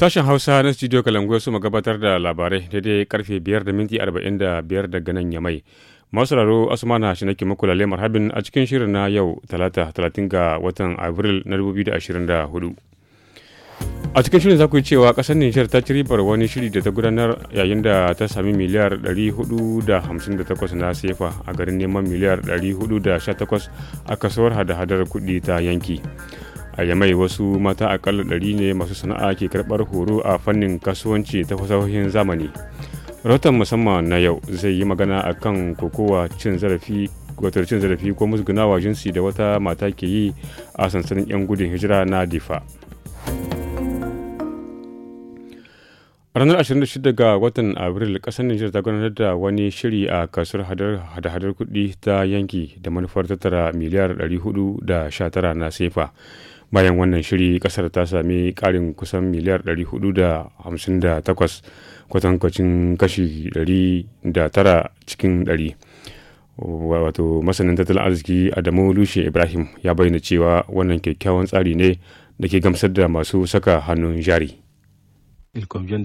Sashen Hausa na Studio Kalangoyo su gabatar da labarai daidai karfe 5 da minti 45 daga nan Yamai. Masu raro Asmana shi nake muku lalle a cikin shirin na yau talata 30 ga watan Abril na 2024. A cikin shirin za ku yi cewa ƙasar Nijar ta ci ribar wani shiri da ta gudanar yayin da ta sami miliyar 458 na sefa a garin neman miliyar da 418 a kasuwar hada-hadar kuɗi ta yanki. a yamai wasu mata akalla ɗari ne masu sana'a ke karɓar horo a fannin kasuwanci ta fasahohin zamani rahoton musamman na yau zai yi magana a kan kokowa cin zarafi gwatar cin zarafi ko musgunawa jinsi da wata mata ke yi a sansanin 'yan gudun hijira na difa ranar 26 ga watan abril kasar nijar ta gudanar da wani shiri a kasuwar hada-hadar kudi ta yanki da manufar tattara miliyar 419 na sefa bayan wannan shiri kasar ta sami karin kusan miliyar 458 kwatankwacin kashi 109 cikin 100 wato masanin tattalin arziki adamu lushe ibrahim ya bayyana cewa wannan kyakkyawan tsari ne da ke gamsar da masu saka hannun jari Kafin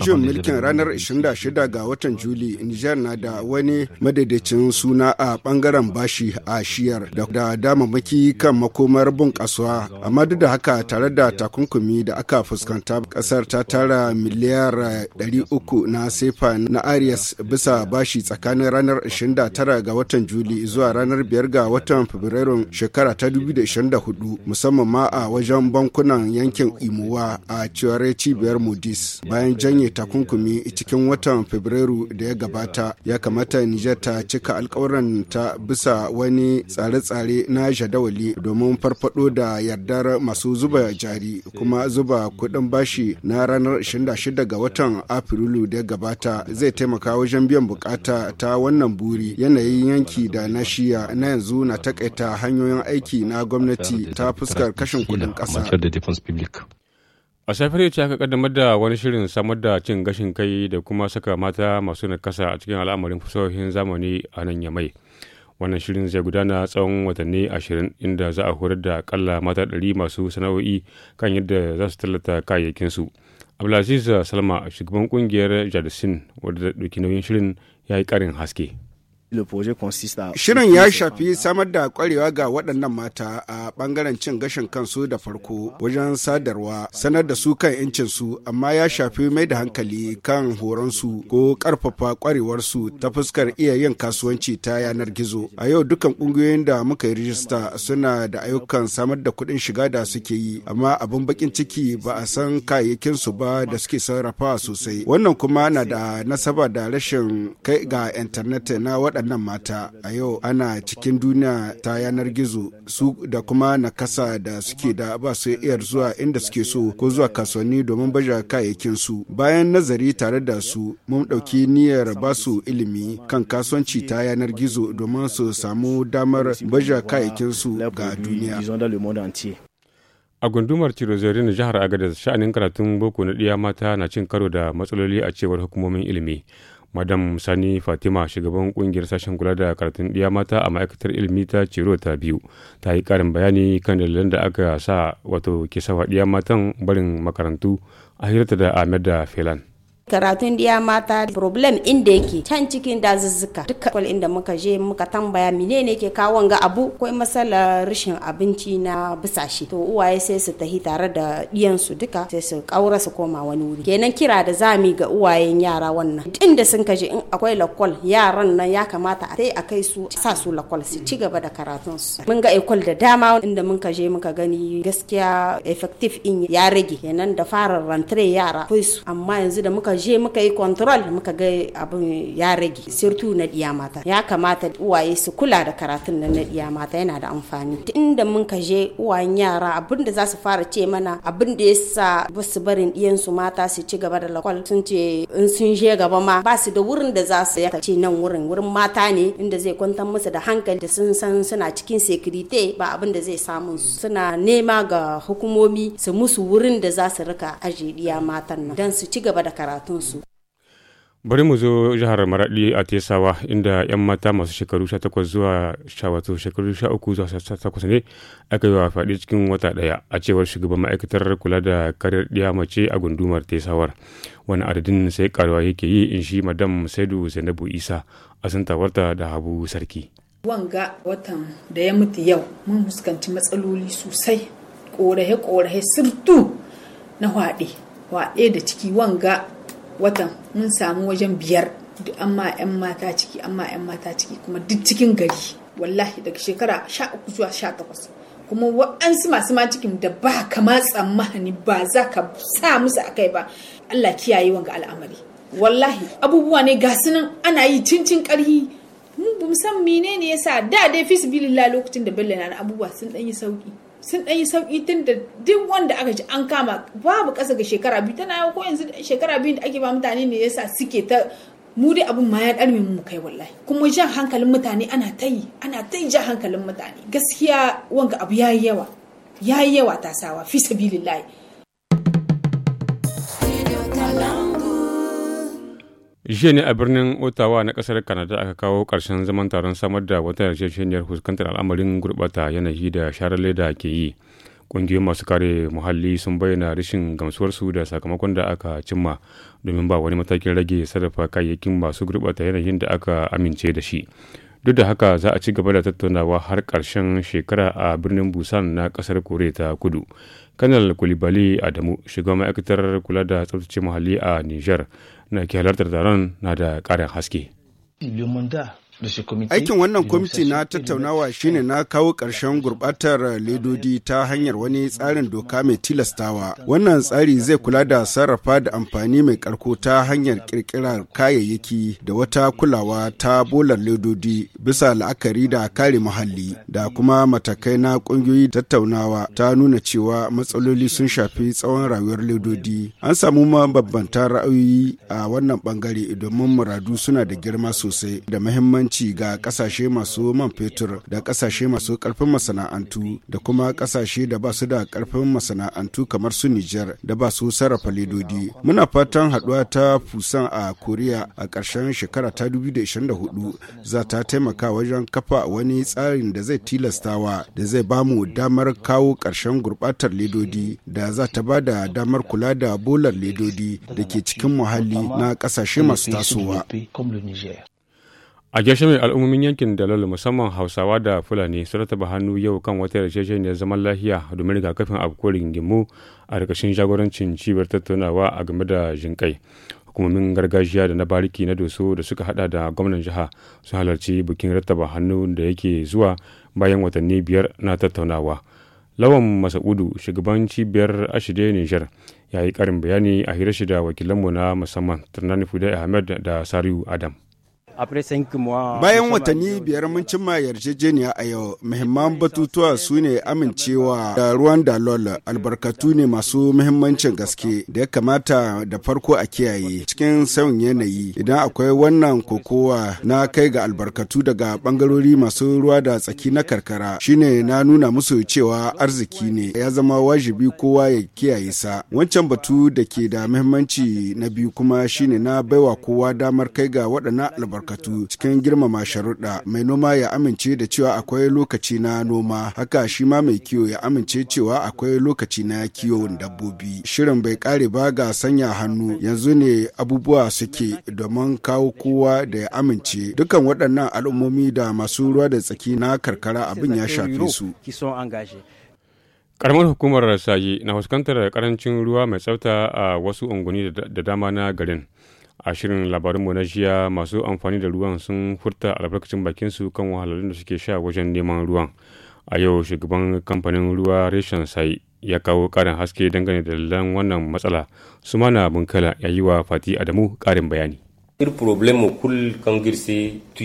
jin mulkin ranar 26 ga watan Juli, Nijar na da wani madadacin suna a bangaren bashi a shiyar da damamaki kan makomar bunƙasuwa. Amma duk da haka tare da takunkumi da aka fuskanta ƙasar ta tara miliyar 300 eh, na sefa na Arias bisa bashi tsakanin ranar 29 ga watan Juli zuwa ranar 5 ga watan fabrairu shekara ta 2024 musamman ma a wajen bankunan yankin Imowa a cewar cibiyar mu Addis bayan janye takunkumi cikin watan Fabrairu da ya gabata ya kamata Nijar ta cika alkawuran ta bisa wani tsare-tsare na jadawali domin farfado da yardar masu zuba jari kuma zuba kuɗin bashi na ranar 26 ga watan Afrilu da ya gabata zai taimaka wajen biyan bukata ta wannan buri yanayin yanki da na shiya na yanzu na takaita hanyoyin aiki na gwamnati ta fuskar kashin kuɗin ƙasa. A safiyar ce aka kaddamar da wani shirin samar da cin gashin kai da kuma saka mata masu nakasa a cikin al'amarin fasahohin zamani a nan yamai. Wannan shirin zai gudana tsawon watanni ashirin inda za a horar da akalla mata ɗari masu sana'o'i kan yadda za su tallata kayayyakinsu. Abdulaziz Salma shugaban kungiyar Jadisin wadda ɗauki nauyin shirin ya yi ƙarin haske. Shirin ya shafi samar da kwarewa ga waɗannan mata a ɓangaren cin gashin kansu da farko wajen sadarwa sanar da su kan su amma ya shafi mai da hankali kan horonsu ko ƙarfafa kwarewarsu ta fuskar iya yin kasuwanci ta yanar gizo. A yau dukkan ƙungiyoyin da muka yi rijista suna da ayyukan samar da kuɗin shiga da suke yi amma abin baƙin ciki ba a san kayayyakin su ba da suke sarrafa sosai. Wannan kuma na da nasaba da rashin kai ga intanet na waɗanda waɗannan mata a yau ana cikin duniya ta yanar gizo su da kuma nakasa da suke da ba su iya zuwa inda suke so ko zuwa kasuwanni domin baje kayayyakin su bayan nazari tare da su mun ɗauki niyyar ba su ilimi kan kasuwanci ta yanar gizo domin su samu damar baje kayayyakin su ga duniya a gundumar tirozari na jihar agadez sha'anin karatun boko na ɗiya mata na cin karo da matsaloli a cewar hukumomin ilimi madam sani fatima shugaban kungiyar sashen kula da karatun ɗiya mata a ma'aikatar ilimi ta ciro ta biyu ta yi karin bayani kan dalilan da aka sa wato ke sawa ɗiya matan barin makarantu a hirata da ahmed da felan karatun diya mata problem inda yake can cikin dazuzzuka duka kwal inda muka je muka tambaya menene ke kawon ga abu akwai matsalar rashin abinci na busashi. to uwaye sai su tahi tare da diyansu duka sai su kaura su koma wani wuri kenan kira da zami ga uwayen yara wannan inda sun kaje in akwai lakwal yaran nan ya kamata a sai a kai su sa su lakwal su ci gaba da karatun su mun ga ekol da dama inda mun kaje muka gani gaskiya effective in ya rage kenan da fara rantre yara kai su amma yanzu da muka je muka yi control muka ga abin ya rage surtout na diya mata ya kamata uwaye su kula da karatun nan na diya mata yana da amfani inda mun ka je uwayen yara abin da za su fara ce mana abin da yasa ba su barin diyan su mata su ci gaba da lakwal sun ce in sun je gaba ma ba su da wurin da za su ce nan wurin wurin mata ne inda zai kwantar musu da hankali da sun san suna cikin security ba abin da zai samu suna nema ga hukumomi su musu wurin da za su rika ajiye diya matan nan don su ci gaba da karatu su bari mu zo jihar maraɗi a tesawa inda 'yan mata masu shekaru 18 zuwa shawatu shekaru 13 zuwa 18 ne aka yi wa faɗi cikin wata ɗaya a cewar shugaban ma'aikatar kula da karyar ɗiya mace a gundumar tesawar wani adadin sai karuwa yake yi in shi madam saidu zainabu isa a santawarta da habu sarki wanga watan da ya mutu yau mun fuskanci matsaloli sosai korahe-korahe sirtu na waɗe waɗe da ciki wanga watan mun samu wajen biyar duk amma 'yan mata ciki amma 'yan mata ciki kuma duk cikin gari wallahi daga shekara sha uku zuwa sha takwas kuma wa'ansu masu ma cikin da ba kama tsammani ba za ka sa musu akai ba Allah kiyaye wanga al'amari wallahi abubuwa ne ga sunan ana yi cincin karhi mun san menene yasa da dai fi lokacin da bello na abubuwa sun dan yi sauki sun ɗan yi sauƙi tun da duk wanda aka ji an kama babu ƙasa ga shekara biyu tana yawa ko yanzu shekara biyu da ake ba mutane ne yasa suke ta mu dai abin ma ya ɗarmi mu kai wallahi kuma jan hankalin mutane ana ta yi ana ta yi jan hankalin mutane gaskiya wanga abu yayi yawa yayi yawa tasawa fi sabilillahi jiya ne a birnin otawa na kasar kanada aka kawo karshen zaman taron samar da wata yarjejeniyar fuskantar al'amarin gurbata yanayi da sharar leda ke yi ƙungiyoyin masu kare muhalli sun bayyana rashin gamsuwarsu da sakamakon da aka cimma domin ba wani matakin rage sarrafa kayayyakin masu gurbata yanayin da aka amince da shi duk da haka za a ci gaba da tattaunawa har karshen shekara a birnin busan na ƙasar kore ta kudu kanal kulibali adamu shugaban ma'aikatar kula da tsabtace muhalli a nijar. na ke halartar taron na da ƙarin haske. Aikin wannan kwamiti na tattaunawa shine na kawo ƙarshen gurɓatar ledodi ta hanyar wani tsarin doka mai tilastawa. Wannan tsari zai kula da sarrafa da amfani mai ƙarko ta hanyar ƙirƙirar kayayyaki da wata kulawa ta bolar ledodi bisa la'akari da kare muhalli da kuma matakai na ƙungiyoyi tattaunawa ta nuna cewa matsaloli sun shafi tsawon rayuwar ledodi. An samu mabambantan ra'ayoyi a wannan bangare domin muradu suna da girma sosai da muhimmanci inganci ga kasashe masu man fetur da kasashe masu karfin masana'antu da kuma kasashe da ba su da karfin masana'antu kamar su Nijar da ba su sarrafa ledodi. Muna fatan haɗuwa ta Fusan a Koriya a ƙarshen shekara ta 2024 za ta taimaka wajen kafa wani tsarin da zai tilastawa da zai bamu damar kawo ƙarshen gurɓatar ledodi da za ta ba da damar kula da bolar ledodi da ke cikin muhalli na ƙasashe masu tasowa. A mai al'ummomin yankin dalalu musamman Hausawa da Fulani sun rataba hannu yau kan wata yarjejeniyar zaman lahiya domin rigakafin afkuwar gingimu a rikashin jagorancin cibiyar tattaunawa a game da jinƙai. Hukumomin gargajiya da na bariki na doso da suka hada da gwamnan jiha sun halarci bikin rattaba hannu da yake zuwa bayan watanni biyar na tattaunawa. Lawan Masa'udu shugaban cibiyar Ashide Nijar ya yi karin bayani a hira shi da wakilanmu na musamman tunani Fudai Ahmed da Sariu Adam. Bayan watanni biyar mun cimma yarjejeniya a yau, muhimman batutuwa su ne amincewa da ruwan dalol albarkatu ne masu muhimmancin gaske da ya kamata da farko a kiyaye cikin sauyin yanayi idan akwai wannan kokowa na kai ga albarkatu daga bangarori masu ruwa da tsaki na karkara shine na nuna musu cewa arziki ne ya zama wajibi kowa ya kiyaye sa. Wancan batu da ke da muhimmanci na biyu kuma shine na baiwa kowa damar kai ga waɗannan albarkatu. ma'aikatu cikin girmama sharuɗa mai noma ya amince da cewa akwai lokaci na noma haka shi ma mai kiwo ya amince cewa akwai lokaci na kiwon dabbobi shirin bai kare ba ga sanya hannu yanzu ne abubuwa suke domin kawo kowa da ya amince dukan waɗannan al'ummomi da masu ruwa da tsaki na karkara abin ya shafe su karamar hukumar saji na fuskantar karancin ruwa mai tsafta a wasu unguwanni da dama na garin a shirin labarinmu na jiya masu amfani da ruwan sun furta albarkacin bakinsu kan wahalhalun da suke sha wajen neman ruwan a yau shugaban kamfanin ruwa reshen sai ya kawo karin haske dangane da dalilan wannan matsala su mana bunkala ya yi wa fati adamu karin bayani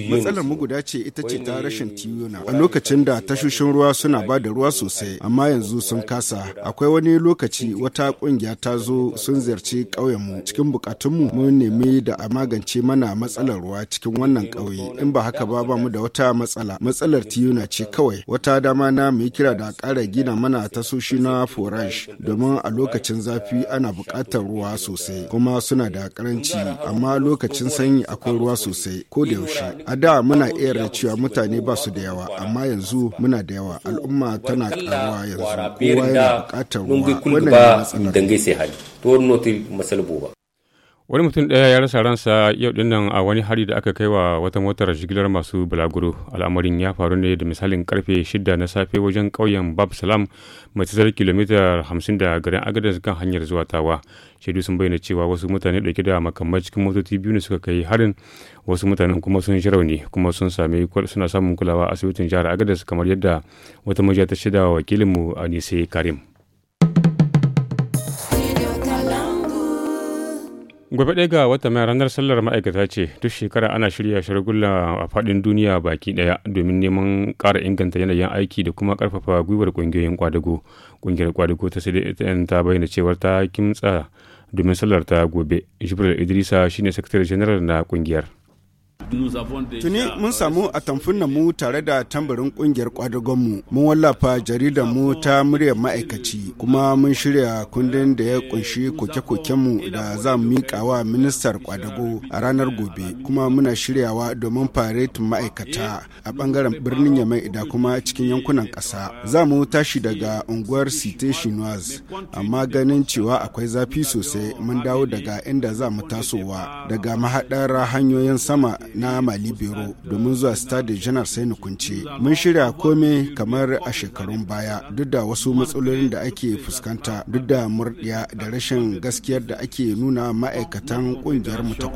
matsalar mu guda ce ita ce ta rashin tiyuna a lokacin da tashoshin ruwa suna ba da ruwa sosai amma yanzu sun kasa akwai wani lokaci wata kungiya ta zo sun ziyarci ƙauyenmu cikin bukatunmu mun nemi da a magance mana matsalar ruwa cikin wannan ƙauye in ba haka ba ba mu da wata matsala matsalar tiyuna ce kawai wata dama na mu kira da ƙara gina mana tasoshi na forage domin a lokacin zafi ana buƙatar ruwa sosai kuma suna da karanci amma lokacin lokacin sanyi akwai ruwa sosai ko da yaushe. A da muna iya cewa mutane ba su da yawa amma yanzu muna da yawa al'umma tana karuwa yanzu kowa yana buƙatar ruwa wannan ne matsalar. wani mutum ɗaya ya rasa ransa yau dinnan a wani hari da aka kai wa wata motar jigilar masu bulaguro al'amarin ya faru ne da misalin karfe shida na safe wajen kauyen bab salam mai tsar kilomita 50 da garin agadez kan hanyar zuwa tawa shaidu sun bayyana cewa wasu mutane ɗauke da makamai cikin motoci biyu ne suka kai harin wasu mutanen kuma sun shi rauni kuma sun sami suna samun kulawa asibitin jihar agadez kamar yadda wata majiya ta shida wa wakilinmu anise karim gobe ɗaya ga wata mai ranar sallar ma'aikata ce duk shekara ana shirya shirgulla a faɗin duniya baki ɗaya domin neman ƙara inganta yanayin aiki da kuma ƙarfafa gwiwar ƙungiyoyin kwadago ƙungiyar kwadago ta cdn ta bayyana cewar ta kimtsa domin sallar ta gobe jibril idrisa shine sakatare janar na ƙungiyar Tuni mun samu a tamfunan mu tare da tambarin kungiyar kwadagonmu mun wallafa jaridar mu ta muryar ma'aikaci kuma mun shirya kundin da ya kunshi koke-kokenmu da za mu miƙa wa ministar kwadago a ranar gobe kuma muna shiryawa domin faretin ma'aikata a bangaren birnin yamai da kuma cikin yankunan ƙasa. Za mu tashi daga unguwar site Chinoise amma ganin cewa akwai zafi sosai mun dawo daga inda za mu tasowa daga mahaɗar hanyoyin sama na mali biro domin zuwa stade janar sai na kunce mun shirya komai kamar a shekarun baya duk da wasu matsalolin da ake fuskanta duk da murdiya da rashin gaskiyar da ake nuna ma'aikatan kungiyar mu ta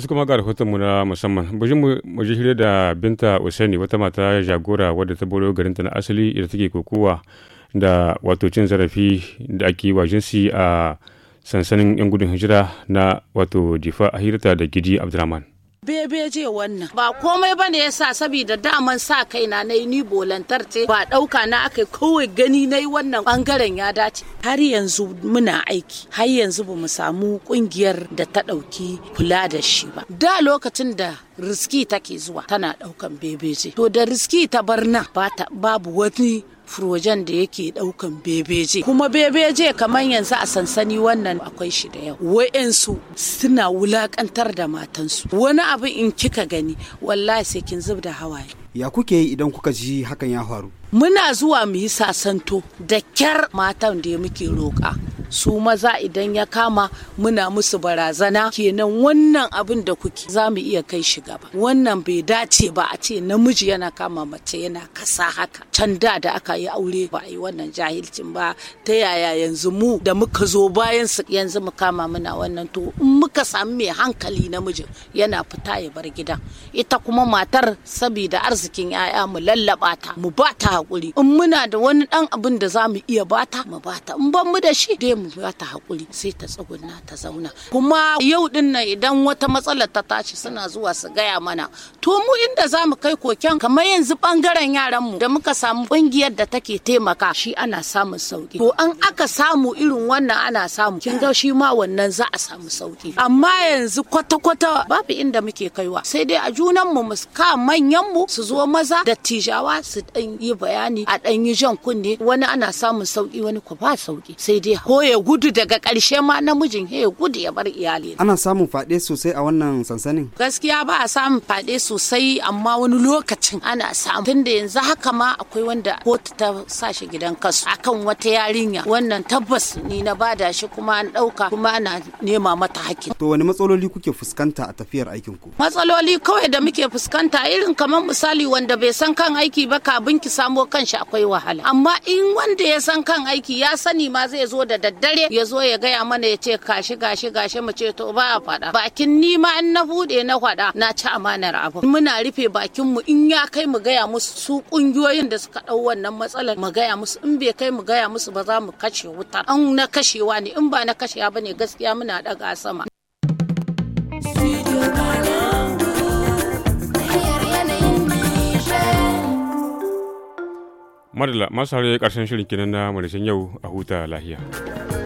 su kuma ga rahotonmu na musamman bujin mu ji shirya da binta usaini wata mata jagora wadda ta boro garinta na asali da take kokowa da wato cin zarafi da ake wa jinsi a sansanin yan gudun hijira na wato jifa a hirata da gidi abdulrahman bebeje wannan ba komai bane sa saboda daman sa kaina na ni bolantar ce ba dauka na aka kawai gani na yi wannan bangaren ya dace har yanzu muna aiki har yanzu bamu samu kungiyar da ta dauki kula da shi ba da lokacin da riski take zuwa tana daukan bebeje to da riski ta barna babu wani furojen da yake daukan bebeje kuma bebeje kamar yanzu a sansani wannan akwai shi da yau wa'ensu suna wulakantar da matansu wani abu in kika gani wallahi sai kin zub da hawaye ya kuke yi idan kuka ji hakan ya faru muna zuwa mu yi sasanto da kyar matan da muke roƙa su maza idan ya kama muna musu barazana kenan wannan abin da kuke za mu iya kai shi gaba wannan bai dace ba a ce namiji yana kama mace yana kasa haka can da da aka yi aure ba a yi wannan jahilcin ba ta yaya yanzu mu da muka zo bayan su yanzu mu kama muna wannan to in muka samu mai hankali namijin yana fita ya bar gidan ita kuma matar saboda arzikin 'ya'ya mu lallaba ta mu ba ta hakuri in muna da wani dan abin da za mu iya bata mu bata in ban mu da shi dai mu ba ta hakuri sai ta tsuguna ta zauna kuma yau din nan idan wata matsala ta tashi suna zuwa su gaya mana to mu inda za mu kai koken kamar yanzu bangaren yaran mu da muka samu kungiyar da take taimaka shi ana samun sauki to an aka samu irin wannan ana samu kin ga shi ma wannan za a samu sauki amma yanzu kwata kwata babu inda muke kaiwa sai dai a junan mu ka manyan mu su zo maza da tijawa su dan yi bayani a dan yi jan kunne wani ana samun sauki wani ku ba sauki sai dai ya gudu daga karshe ma namijin ya gudu ya bar iyali ana samun fade sosai a wannan sansanin gaskiya ba a samun fade sosai amma wani lokacin ana samu tunda yanzu haka ma akwai wanda kotu ta sa shi gidan kasu akan wata yarinya wannan tabbas ni na bada shi kuma an ɗauka kuma ana nema mata hakki to wani matsaloli kuke fuskanta a tafiyar aikin ku matsaloli kawai da muke fuskanta irin kamar misali wanda bai san kan aiki ba kabin ki samo kanshi akwai wahala amma in wanda ya san kan aiki ya sani ma zai zo da Dare ya zo ya gaya mana ya ce gashi gashi gashi mu ce to ba a faɗa bakin ni ma in na buɗe na faɗa na ci amanar abu muna rufe bakin mu in ya kai mu gaya musu su kungiyoyin da suka ɗau wannan matsalar mu gaya musu in bai kai mu gaya musu ba za mu kashe wuta an na kashewa ne in ba na kashewa bane gaskiya muna ɗaga sama madalla masu harin karshen shirin kinan na marishin yau a huta lahiya